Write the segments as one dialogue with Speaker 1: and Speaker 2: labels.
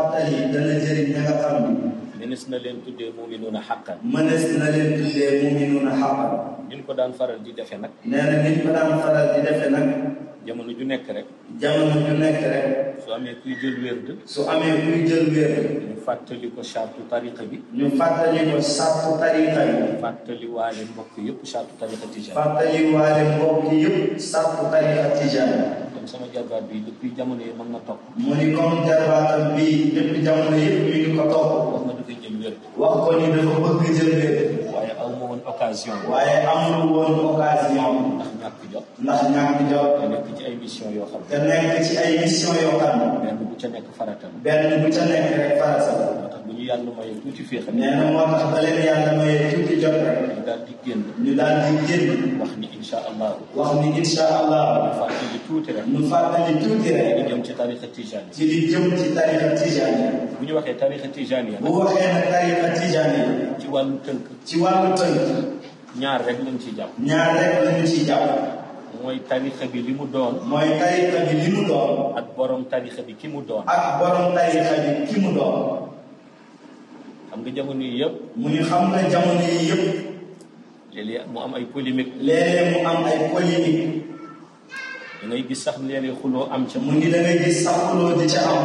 Speaker 1: fàttali dana jëriñ ña nga xam ni mënees na leen tuddee muminuuna xàqan mënees na leen tuddee muminuuna xàqan niñ ko daan faral di defee nag nee na niñ ko daan faral di defee nag jamono ju nekk rek jamono ju nekk rek su amee kuy jël wérd su amee kuy jël wérd ñu fàttali ko sartu tariqa bi ñu fàttali ko sartu tariqa bi fàttali waale mbokk yëpp sartu tariqa tijaan fàttali waale mbokk yëpp sartu tariqa tijaan comme sama jarbaat bi depuis
Speaker 2: jamono yi mag ma topp. mu ni comme jarbaatam bi
Speaker 1: depuis jamono yëpp mi ngi ko topp. wax nga dafa jëm wér. ko ni dafa bëgg jëm waaye amu woon occasion. waaye amul woon occasion. jot. ndax ñàkk jot. te nekk ci ay mission yoo xam. te nekk ci ay mission yoo xam. benn bu ca nekk farata la. benn bu ca nekk rek farata la. moo tax bu ñu yàlla mayee tuuti fii xam. nee na moo tax ba leen yàlla mayee tuuti jot rek. ñu daal di génn. ñu daal di génn. wax ni incha allah. wax ni incha allah. ñu fàttali tuuti rek. ñu fàttali tuuti rek. ci li jëm ci tarixa tijani. ci li jëm ci tarixa tijani. bu ñu waxee tarixa tijani. bu waxee nag tarixa tijani. ci wàllu tënk. ci wàllu tënk. ñaar rek lañ ciy jàpp. ñaar rek lañ ciy jàpp. mooy tarixa bi li mu doon. mooy tarixa bi li mu doon. ak borom tarixa bi ki mu doon. ak borom tarixa bi ki mu doon. xam nga jamono yi yëpp. mu ngi xam nga jamono yi yëpp. léeg mu am ay polémique. léeg-léeg mu am ay polémique. am ca. mu ni da ngay gis sax xuloo di ca am.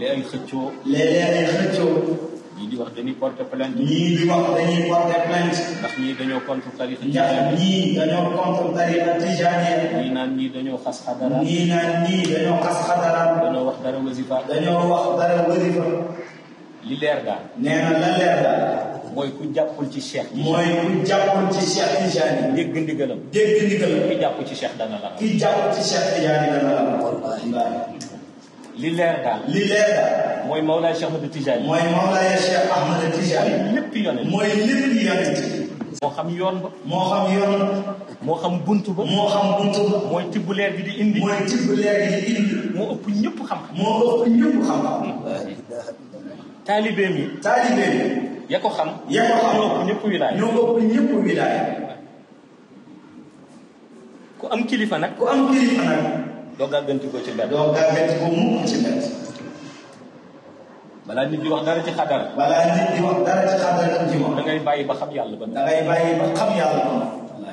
Speaker 1: léeg ay xëccoo. léeg ay xëccoo. ñii di wax dañuy porter plainte. ñii di wax dañuy porter plainte. ndax ñii dañoo contre tariqa tijaaniya. ndax ñii dañoo contre tariqa tijaaniya. ñii naan ñii dañoo xas xadara. ñii naan ñii dañoo xas xadara. dañoo wax dara wasifa. dañoo wax dara wasifa. li leer daal. nee na la leer daal. mooy ku jàppul ci cheikh. mooy ku jàppul ci cheikh Tidiane. dégg ndigalam. dégg ndigalam. ki jàpp ci cheikh dana la. ki jàpp ci cheikh Tidiane dana la. wallaahi. li leer daal li leer daal. mooy Mawlaay Cheikh Ahmed Tijaan. mooy Mawlaay Cheikh mooy lépp yonent. moo xam yoon ba. moo xam ba. moo xam mooy tibb leer bi di indi. mooy tibb moo ëpp ñëpp xam-xam. moo ëpp ñëpp xam ya ko xam. ya ko xam ñoo ëpp ñëpp wilaay. ñoo ëpp ñëpp wilaay. ku am kilifa nag. doo gàgganti ko ci mbedd. doo ko mukk ci mbedd. balaa wax dara ci xadar. balaa nit bàyyi ba xam yàlla ba. da ngay bàyyi ba xam yàlla ba.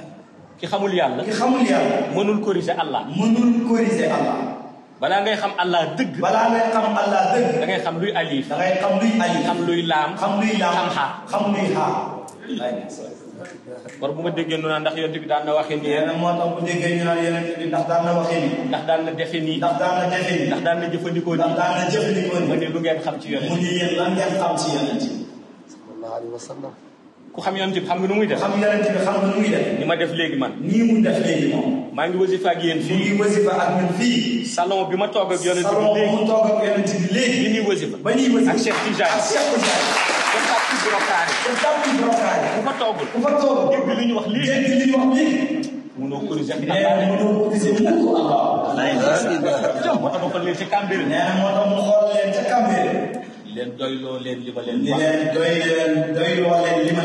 Speaker 1: ki xamul yàlla. ki xamul yàlla. Allah. mënul balaa ngay xam Allah dëgg. balaa ngay xam Allah dëgg. luy alif. da ngay luy laam. xam luy laam war bu ma déggee nu naan ndax yonent bi daan na waxee nii. nee na moo tax bu déggee ñu naan yonent bi ndax daan na waxee nii. ndax daan na defe nii. ndax daan na defe nii. ndax daan na jëfandikoo nii. ndax daan na jëfandikoo nii. mu ne lu ngeen xam ci yonent. mu ne yéen lan ngeen xam ci yonent. sallallahu alayhi wa sallam. ku xam yonent bi xam nga nu muy def. xam yonent bi xam nga nu muy def. ni ma def léegi man. nii mu def léegi moom. maa ngi wasifa ak yéen fii. mu ngi wasifa ak ñun fii. salon bi ma toog ak yonent bi léegi salon mu toog ak yonent bi léegi. bi ñuy wasifa. ba ñuy wasifa ak Cheikh Tidiane. ak Cheikh Tidiane. ba tàkku brokaane. ba tàkku brokaane. ku fa toogul. ku fa toogul dégg li ñu wax léegi. dégg li ñu wax léegi. mënoo corriger. nee na mënoo corriger mu ko. walaay la. jëm moo tax ma xool leen ca Cambérène. nee na moo tax ma xool leen ca Cambérène. leen doyloo leen li ma leen. wax leen doy leen doyloo leen li ma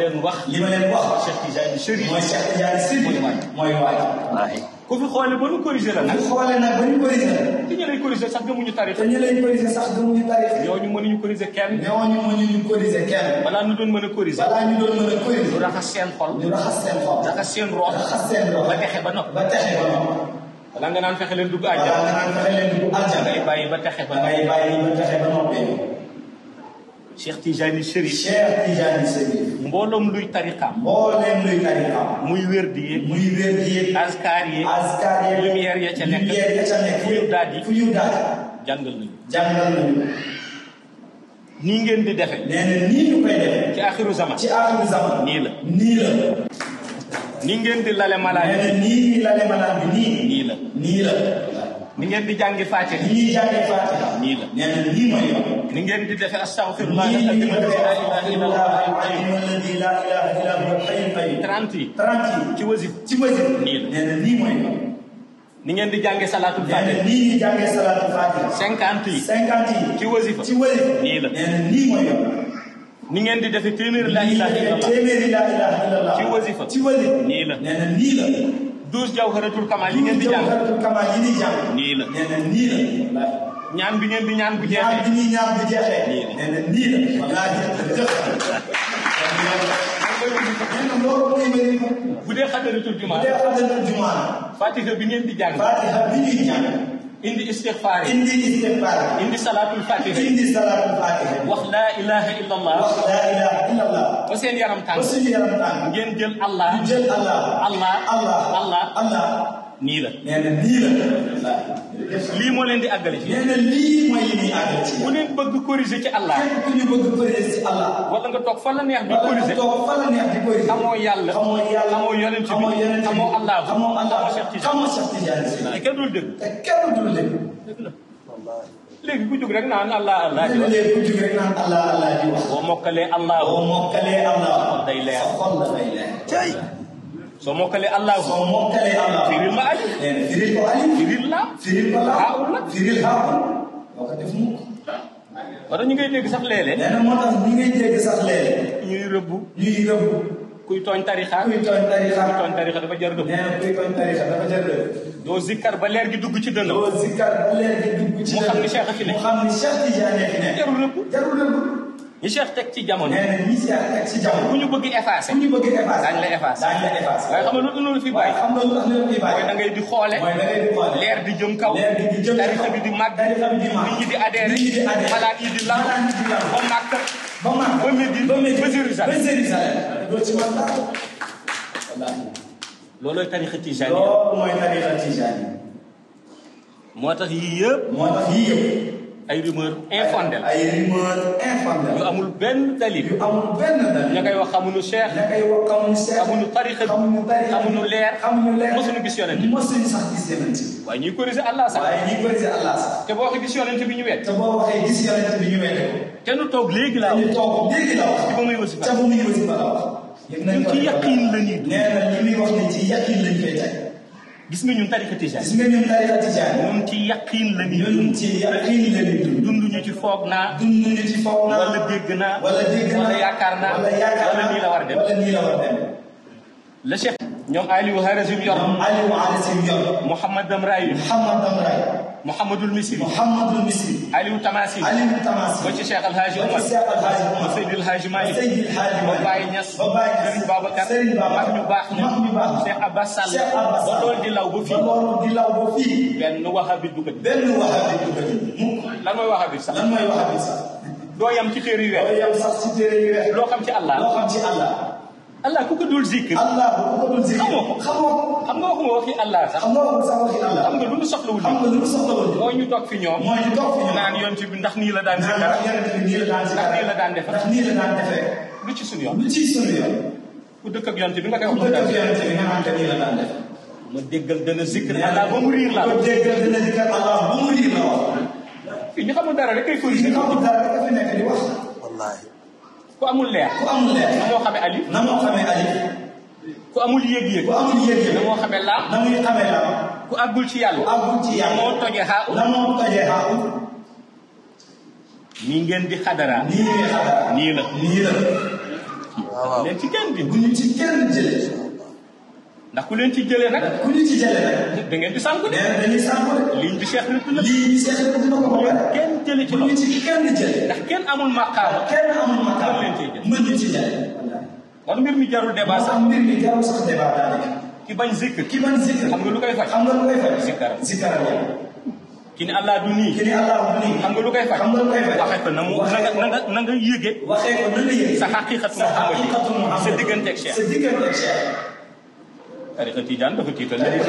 Speaker 1: leen wax. li ma leen wax. li ma leen wax. Cheikh Tidiane Chérif mooy Cheikh Tidiane Chérif mooy waay. mooy waay. ku fi xoolee ba nu corrigé la nag. ku xoolee nag ba ñu corrigé la. te ñu lay corrigé sax gëmuñu tarix. te ñu lay corrigé sax gëmuñu tarix. ñooñu mënuñu corrigé kenn. ñooñu mënuñu corrigé kenn. balaa ñu doon mën a corrigé. balaa ñu doon mën a corrigé. ñu raxas seen xol. ñu raxas seen xol. raxas seen root. raxas seen root. ba texe ba nopp. ba texe ba nopp. balaa nga naan fexe leen dugg àjjana a nga naan fexe leen dugg àjjana ngay bàyyi ba texe ba ngay bàyyi ba texe ba noppi Cheikh Tijani Chérif Cheikh Tijani Chérif mbooloom luy tariqaam mbooloom luy tariqaam muy wér di yeeg muy wér di yeeg askar yeeg askar fu ñu daal di fu jàngal nañu jàngal nañu nii ngeen di defe nee nii ñu koy defe ci axiru zaman nii la ni ngeen di lale malaan bi nii nii lale malaan bi nii. nii la nii la. ni ngeen di jàngi fàcce. ni ñuy jàngi fàcce. nii la nee na nii mooy yoon. ni ngeen di defee astaghfirullah. nii la ilaha ci wasif ci wasif. nii la nee na nii mooy yoon. ni ngeen di jàngee salaatul faatiha. nii ñuy jàngee salaatul faatiha. cinquante yi. cinquante yi. ci wasifa. ci wasifa. nii la nee na nii mooy yoon. ni ngeen di defee téeméeri laa ilaaha illallah téeméeri ci wasifa ci wasifa nii la nee na nii la douze jawharatul kamal yi ngeen di jàng jawharatul kamal yi di jàng nii la nee na ñaan bi ngeen di ñaan bu jeexee ñaan bi ñuy ñaan bu jeexee nee na nii la wallaahi bu dee xadaratul jumaa bu dee bi ngeen di jàng bi ñuy jàng indi istighfar indi istighfar indi salaatul fatiha indi salaatul fatiha wax laa ilaha illa allah wax laa ilaha illa allah ba seen yaram tàng ba seen yaram tàng ngeen jël allah jël allah allah allah allah nii la. nee na nii la. lii moo leen di àggale fii. nee na lii mooy li muy àggale ci. bu leen bëgg corriger ci Allah. képp ku ñu bëgg corriger ci Allah. wala nga toog fa la neex di corriger. toog fa la neex di corriger. amoo yàlla. amoo yàlla amoo yonent bi. amoo yonent bi amoo Allah. amoo Allah amoo Cheikh Tidiane. te kenn dul dëgg. te kenn dul dëgg. dëgg la. léegi ku jóg rek naan allah allah di wax léegi ku jóg rek naan allah allah di wax. boo mokkalee allah. boo mokkalee allah. day leer. xol la day leer. so mokkale allah so mokkale allah firil ma ali ene eh, firil ko ali firil la firil ko la haɓol la firil haɓol oka def mukk wala ñu ngay dégg sax léeg-léeg nee na moo tax ñu ngay dégg sax léeg-léeg ñuy rëbb ñuy rëbb kuy tooñ tarixa kuy tooñ tarixa kuy tooñ tarixa dafa jar dëgg nee na kuy tooñ tarixa dafa jar dëgg doo zikkar ba leer gi dugg ci dënn doo zikkar ba leer gi dugg ci dënn mu xam ni cheikh fi ne mu xam ni cheikh tijaan fi ne jarul rëbb jarul rëbb ñi teg ci jamono. nee ñu bëgg effacé. bu ñu bëgg effacé daañu la effacé. daañu la effacé waaye xam nga loolu loolu fi bàyyi. mooy da di xoole. leer di jëm kaw. leer di jëm kaw tarixa bi di màgg. di màgg ñi di adhéré. ñi di adhéré ci man moo tax yii yëpp. moo tax yii yëpp. ay rumeur infondel ay rumeur infondel yu amul benn dalil yu amul benn dalil ña koy wax xamuñu cheikh ña koy wax xamuñu cheikh xamuñu tarixa bi xamuñu leer xamuñu leer mosuñu gis yonent bi mosuñu sax gis yonent bi waaye ñuy corriger Allah sax waaye ñuy corriger Allah sax te boo waxee gis yonent bi ñu wet te boo waxee gis yonent bi ñu wet te nu toog léegi laa wax toog léegi laa wax ci ba muy wasi ca ba muy wasi ba la wax ñun ci yaqin la ñuy dund nee na li muy wax ne ci yaqin lañ fay teg gis nga ñun tariqa tijaan gis nga ñun tariqa tijaan ñun ci yaqiin la ñuy dund ci yaqiin la ñuy dund dund ñu ci foog naa dund ñu ci foog naa wala dégg naa wala dégg naa wala yaakaar naa wala yaakaar naa wala nii la war a dem wala nii la war a dem la cheikh ñoom Aliou Harazim yor ñoom Aliou Harazim yor Mouhamad Damraye Mouhamad Damraye Mouhamadul Misri Mouhamadul Misri Aliou Tamassi Aliou Tamassi ba ci Cheikh Al Hadj Omar ba ci Cheikh Al Hadj Omar Seydi El Hadj Malick Seydi El Hadj Malick ba Baye Niass ba Baye Niass Serigne Babacar Serigne Babacar mag ñu baax ña mag ñu baax ña Cheikh Abbas Sall Cheikh Abbas Sall ba loolu di law ba fii ba loolu di law ba fii benn wahabit du ko benn wahabit du ko lan mooy wahabit sax lan mooy wahabit sax doo yam ci téere yu weex doo yam sax ci téere yu weex loo xam ci Allah loo xam ci Allah Allah ku ko dul zikr. Allah ku ko dul zikr. xamoo ko xamoo ko. xam nga waxuma waxi Allah sax. xam nga waxuma sax waxi Allah. xam nga lu mu soxlawul. xam nga lu mu soxlawul. mooy ñu toog fi ñoom. mooy ñu toog fi ñoom naan yoon ci bi ndax nii la daan. ndax nii la daan ndax nii la daan defee. ndax nii la daan defee. lu ci sunu yoon. lu ci sunu yoon. ku dëkk ak yoon ci bi nga koy wax. ku dëkk ak yoon ci bi nga xam te nii la daan def. ma déggal dana zikr. Allah ba mu riir la. ma déggal dana zikr Allah ba mu riir la wax. fii ñu xamul dara rek kay fori. ñu xamul dara rek fi nekk di wax. wallaahi ku amul leer. amul leer na moo xamee alif. na moo xamee alif. ku amul yëg-yëg. na moo xamee laam. na muy xamee laam. ku àggul ci yàlla. ku àggul na moo tojee xaaw. na ngeen di xadaraa. nii la. nii la. waaw ci kenn bi. bu ñu ci kenn jëlee. ndax ku leen ci jëlee nag. ku ñu ci jëlee nag. da ngeen di sànku de. da ngeen di sànku de. liñ bi Cheikh rëdd na. lii bi Cheikh rëdd na ko ba pare. kenn jëlee ci loolu ci kenn jëlee. ndax kenn amul maqaama. kenn amul maqaama mën leen cee jëlee. mën ñu ci jëlee. kon mbir mi jarul débat sax. mbir mi jarul sax débat daanaka. ki bañ zikr. ki bañ zikr. xam nga lu koy faj. xam nga lu koy faj. zikar zikar yàlla. ki ni allah du nii. ki ni allah du nii. xam nga lu koy faj. xam nga lu koy faj. waxee ko na mu na nga na nga yëge. waxee ko na nga yëge. sa xaqiqatu Muhammad sa diggante ak Cheikh tariqa tijaan dafa tiital ñëpp nag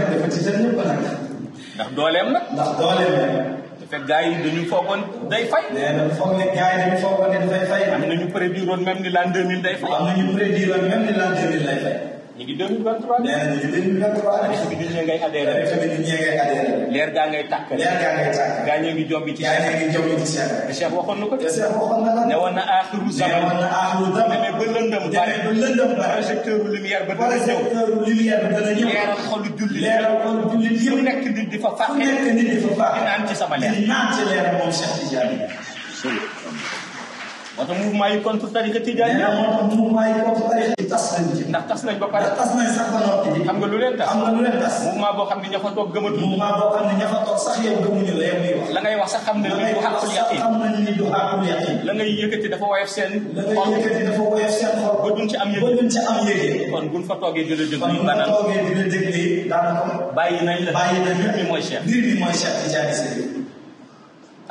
Speaker 1: dafa tiital ñëpp nag ndax dooleem nag ndax dooleem nag te gars yi dañu foogoon day fay. nee na foog ne gars yi dañu foogoon ne dafay fay. am na ñu prédire woon même ni l'an 2000 day fay. am na ñu prédire woon même ni l'an 2000 lay fay. ñu ngi 2023. nee na ñu ngi 2023. adresse bi nit ñi ngay adhéré. adresse bi nit ñi ngay adhéré. leer gaa ngay tàkk. leer gaa ngay tàkk. gaa ñoo ngi jombi ci. gaa ñoo ngi jombi ci Cheikh. te Cheikh waxoon na ko de. te Cheikh waxoon na la. ne woon na aaxiru zaman. ne woon na aaxiru zaman. demee ba lëndëm. demee ba lëndëm ba. projecteur lumière ba dana ñëw. projecteur lumière ba dana ñëw. leeral xolu julli. leeral xolu julli. fu nekk nit di fa fàqe. fu nekk nit di fa fàqe. di naan ci sama leer. di naan ci leer moom Cheikh Tidiane. moo tax mouvement yi contre tariqa Tidiane. nee na moom mouvement yi contre ndax tas nañ ba pare. xam nga lu leen tas xam nga lu leen tas. boo xam ne ña fa toog gëmatu. mouvement boo xam ne ña fa sax yow gëmuñu la yow miy wax. la ngay wax sax xam nañ ni du xàqul yaqin. la ngay yëkkati dafa woyof seen. la ngay yëkkati dafa woyof seen ci am yëg ba duñ fa toogee dina déglu. kon buñ fa toogee dina déglu daanaka. bàyyi nañ la bàyyi nañ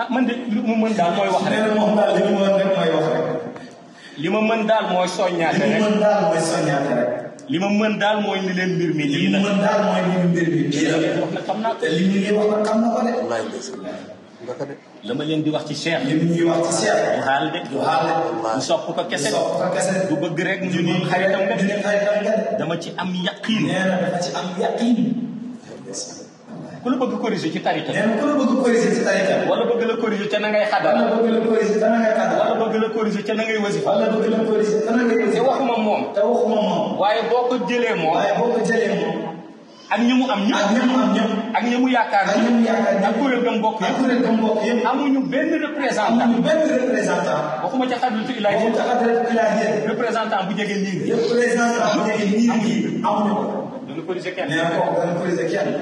Speaker 1: ah, man de lu mu mën daal mooy wax rek. nee na daal mooy wax rek. li ma mën daal mooy soññaate rek li ma mën daal mooy soññaate rek. li ma mën daal mooy ni leen mbir mi. lii la li daal mooy ni mbir mi lii la. wax na xam naa ko li ñu leen wax na xam na ko de. la ma leen di wax ci Cheikh. li ñuy ci du xaal de. du xaal de. du sopp ko kese. du sopp ko kese. du bëgg rek ñu ni dama ci am yaqiin. dama ci am yaqiin. ku la bëgg corriger ci tariqa. nee na ku la bëgg corriger ci tariqa. wala bëgg la corriger ca na ngay xadar. wala bëgg la corriger ca na ngay xadar. wala bëgg la corriger ca na ngay wasifa. wala bëgg la corriger ca na ngay wasifa. te waxuma moom. te waxuma moom. waaye boo ko jëlee moom. waaye boo ko jëlee moom. ak ñi mu am ñëpp ak ñi mu am ñëpp. ak ñi mu yaakaar ñëpp ak ñi mu yaakaar ñëpp. ak kuréel gam bokk yëpp ak kuréel gam bokk yëpp. amuñu benn représentant amuñu benn représentant. waxuma ca xadratu ilaahi waxuma ca xadratu ilaahi représentant bu jege nii. représentant bu jege nii amuñu ko. du poliser kenn. nee na kooku dana poliser kenn.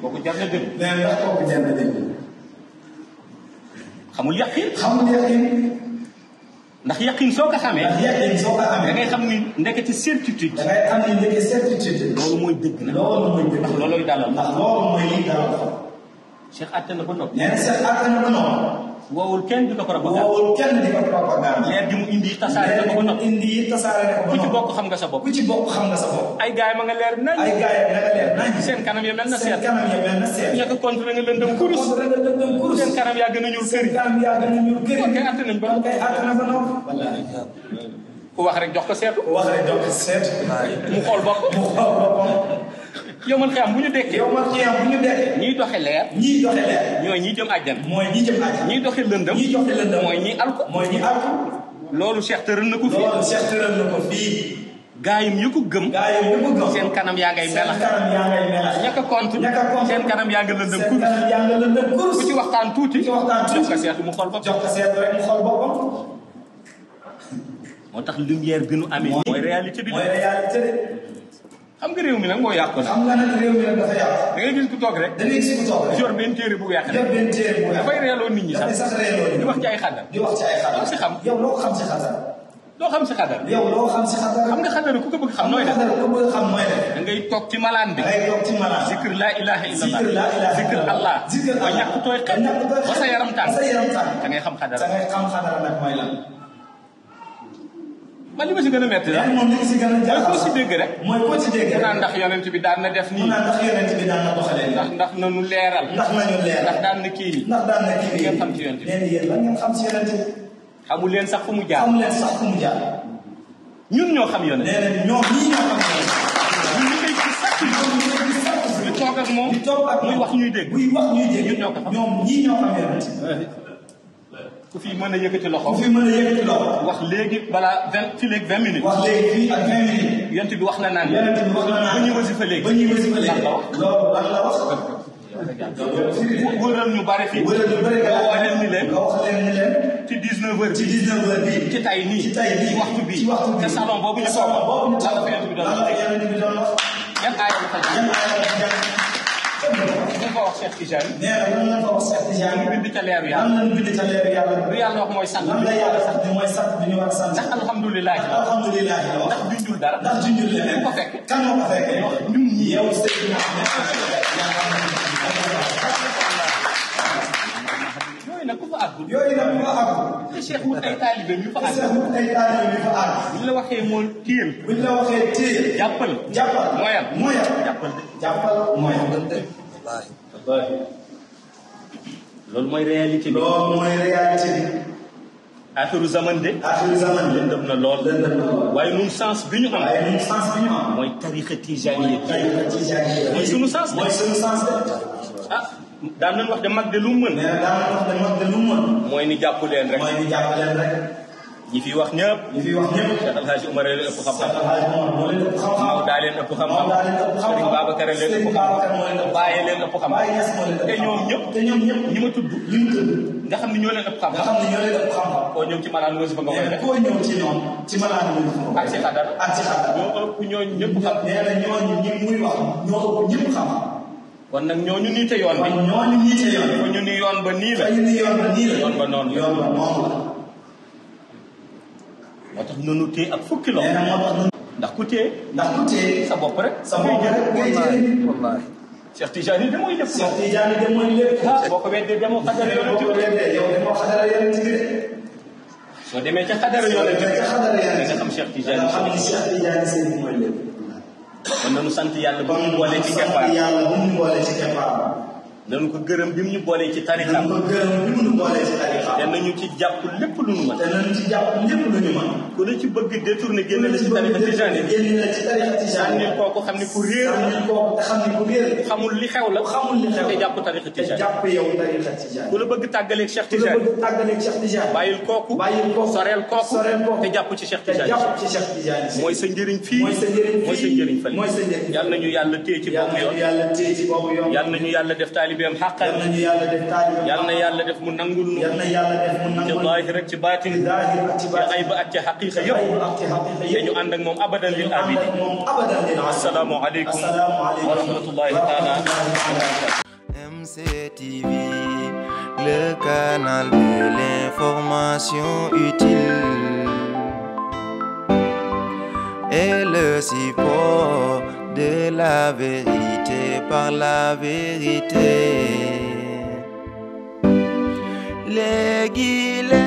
Speaker 1: kooku jar na dëgg. nee na kooku jar na dëgg. xamul yaqin. xamul yaqin. ndax yaqin soo ko xamee. ndax yaqin soo ko xamee. da ngay xam ni ndekete certitude. da ngay xam ni ndekete certitude. loolu mooy dëgg nag. loolu mooy dëgg ndax loolooy dalal. ndax loolu mooy liy dalal. Cheikh àtte na ba noppi. nee na Cheikh àtte na ba noppi. woowul kenn di ko propagande woowul di ko propagande. na ko ba noppi indi tasaare na ku ci bokk xam nga sa bopp ku ci bokk xam nga sa bopp. ay gaay ma nga leer nañ. nga seen kanam ya na seet seen kanam ya mel na seet. ñàkk contre nga lëndëm kurus nga lëndëm kurus. seen kanam yaa gën a ñuul kër seen kanam yaa gën a ñuul kër ku wax rek jox ko seetu. ku wax rek mu xool bopp mu xool boppam yow man xiyam bu ñu dekkee yow ñu dekkee ñiy doxe leer ñiy doxe leer ñooy ñi jëm àjjana mooy ñi jëm àjjana ñiy doxe lëndëm ñiy doxe lëndëm mooy ñi alko mooy loolu Cheikh tëral na ko fii loolu na ko fii gaayum yu ko gëm ko gëm seen kanam yaa ngay melax seen kanam yaa ngay melax a compte seen kanam yaa nga lëndëm kanam yaa nga lëndëm kurus ku ci waxtaan tuuti jox ko seetu mu xool boppam jox ko seetu rek mu xool boppam moo tax lumière bi nu amee mooy réalité bi mooy réalité xam nga réew mi nag moo yàq ko. xam nga nag réew mi nag dafa yàq. da ngay gis ku toog rek. da ngay gis téere bu ko yàq. yor benn téere bu ko yàq dafay reeloo nit ñi sax. dafay sax reeloo xadar. di wax ci xam. yow loo xam si xadar. loo xam si yow loo xam si xadar. xam nga xadar ku ko bëgg xam nooy def. ku ko bëgg xam nooy def. da toog ci malaan bi. da ngay toog ci malaan. zikr laa ilaaha illallah. zikr laa ilaaha illallah. allah. zikr allah ba ñàkk tooy sa yaram tàng. ba sa yaram xam xadar. da ngay lan man li ma si gën a metti la moom li si gën a jaaxal koo si dégg rek mooy koo si dégg rek naan ndax yonent bi daan na def nii naan ndax yonent bi daan na doxalee ndax ndax nañu leeral ndax nañu leeral ndax daan na kii nii ndax daan na kii nii ngeen xam ci yonent bi nee yéen lan ngeen xam si yonent bi xamul leen sax fu mu jaar xamul leen sax fu mu jaar ñun ñoo xam yonent nee ñoo ñii ñoo xam yonent ñu liggéey ci sakk ñu toog ak moom di toog ak muy wax ñuy dégg muy wax ñuy dégg ñun ñoo ko xam ñoom ñii ñoo xam yonent ku fi mën a yëkkati loxo. ku fi mën a yëkkati loxo. wax léegi balaa vingt fii léegi vingt minutes. wax léegi fii ak vingt minutes. yonent bi wax na naan. yonent bi wax na naan ba ñuy wasifa léegi. ba ñuy wasifa léegi loolu lan la wax. wëral ñu bari fii. wëral ñu bari gaa wax leen ni leen. wax leen ni leen. ci 19 heures. ci 19 heures bii. ci tay nii. ci tay nii waxtu bii. ci waxtu bii te salon boobu ñu. salon boobu ñu. lan la yonent bi doon wax. yan aaya la fa jàng. lañ fa wax Cheikh Tidiane. nee na lan lañ fa wax Cheikh Tidiane. lan lañ bind te leeru yàlla. lan lañ bind te leeru yàlla. lu yàlla wax mooy sant. lan la yàlla sax di mooy sant bi ñu war a sant. ndax alhamdulilah. ndax alhamdulilah. ndax junjul dara. ndax junjul leneen. ñu ko fekk. kan moo ko fekk. ñun ñii yow sëñ bi nag ku fa àggul yooyu nag ku fa àggul te Cheikh wut ay taalibe ñu fa àgg Cheikh wut ay taalibe ñu fa àgg buñ la waxee moom téel buñ la waxee téel jàppal jàppal mooyal mooyal jàppal de jàppal mooyal zahir loolu mooy réalité bi. loolu mooy réalité bi. axiru zaman de. axiru zaman de lëndëm na lool. lëndëm na lool waaye ñun sens bi ñu am. waaye ñun sens bi ñu am. mooy tariqa tijaaniya. mooy tariqa tijaaniya. mooy sunu sens de. mooy sunu sens de. ah daan nañ wax de mag de lu mu mën. mais daan nañ wax de mag de lu mu mën. mooy ni jàpp leen rek. mooy ni jàpp leen rek. ñi fi wax ñëpp. ñi fi wax ñëpp. Cheikh Alhaji Umar leen ëpp xam-xam. Maodo daa leen ëpp xam-xam. Serigne Babacar leen ëpp xam-xam. Baye leen ëpp xam-xam. te ñoom ñëpp. te ñoom ñëpp ñi ma tudd. ñi ma tudd. nga xam ne ñoo leen ëpp xam-xam. nga xam ne ñoo leen ëpp xam-xam. koo ñëw ci malaan nga si bëgg a wane rek. koo ñëw ci ñoom ci malaan nga si bëgg a ak ci xadar. ak ci xadar ñoo ëpp ñooñu ñëpp xam. nee na ñooñu ñi muy wax ñoo ëpp ñëpp xam-xam. kon nag ñooñu niite yoon bi. ñooñu niite yoon bi. ñu ni yoon ba nii la. ñu ni yoon ba nii la. yoon ba noonu la. yoon ba noonu la. nunu téye ak fukki loxo. ndax ku téye. ndax ku téye sa bopp rek. sa bopp rek ngay jëlee wallaahi Cheikh Tijani de mooy lépp. Cheikh Tijani de mooy lépp. ah boo ko demee ca xadara yonent seen mooy sant yàlla ba nañu ko gërëm bi mu ñu boolee ci tarixam. nañu ko gërëm bi mu ñu boolee ci tarixam. te nañu ci jàpp lépp lu ñu mën. te nañu ci jàpp lépp lu ñu mën. ku la ci bëgg détourné génne la ci tarixa tijaani. génne la ci tarixa tijaani. nit kooku xam ne ku réer. xam ne ku réer. xamul li xew la. xamul li xew la te jàpp tarixa tijaani. te jàpp yow tarixa tijaani. ku la bëgg tàggaleeg Cheikh Tijaani. ku la bëgg tàggaleeg Cheikh Tijaani. bàyyil kooku. bàyyil kooku soreel kooku. soreel kooku te jàpp ci Cheikh Tijaani. te jàpp ci Cheikh Tijaani. mooy sa njëriñ fii. mooy sa njëriñ fii mooy sa njëriñ fële. yàlla nañu yàlla téye ci boobu yoon. yàlla nañu yàlla téye ci boobu yoon. yàlla nañu yàlla def taalib taalibeem xaqan yal na yàlla def taalibeem yal na yàlla def mu nangul nu yal na yàlla def mu nangul ci zaahir ak ci baatin ci zaahir ak ci baatin ci ayib ak ci xaqiqa yëpp te ñu ànd ak moom abadan lil abidi assalaamu aleykum wa rahmatullahi taala MCTV le canal de l'information utile et le support de la vérité par la vérité. Les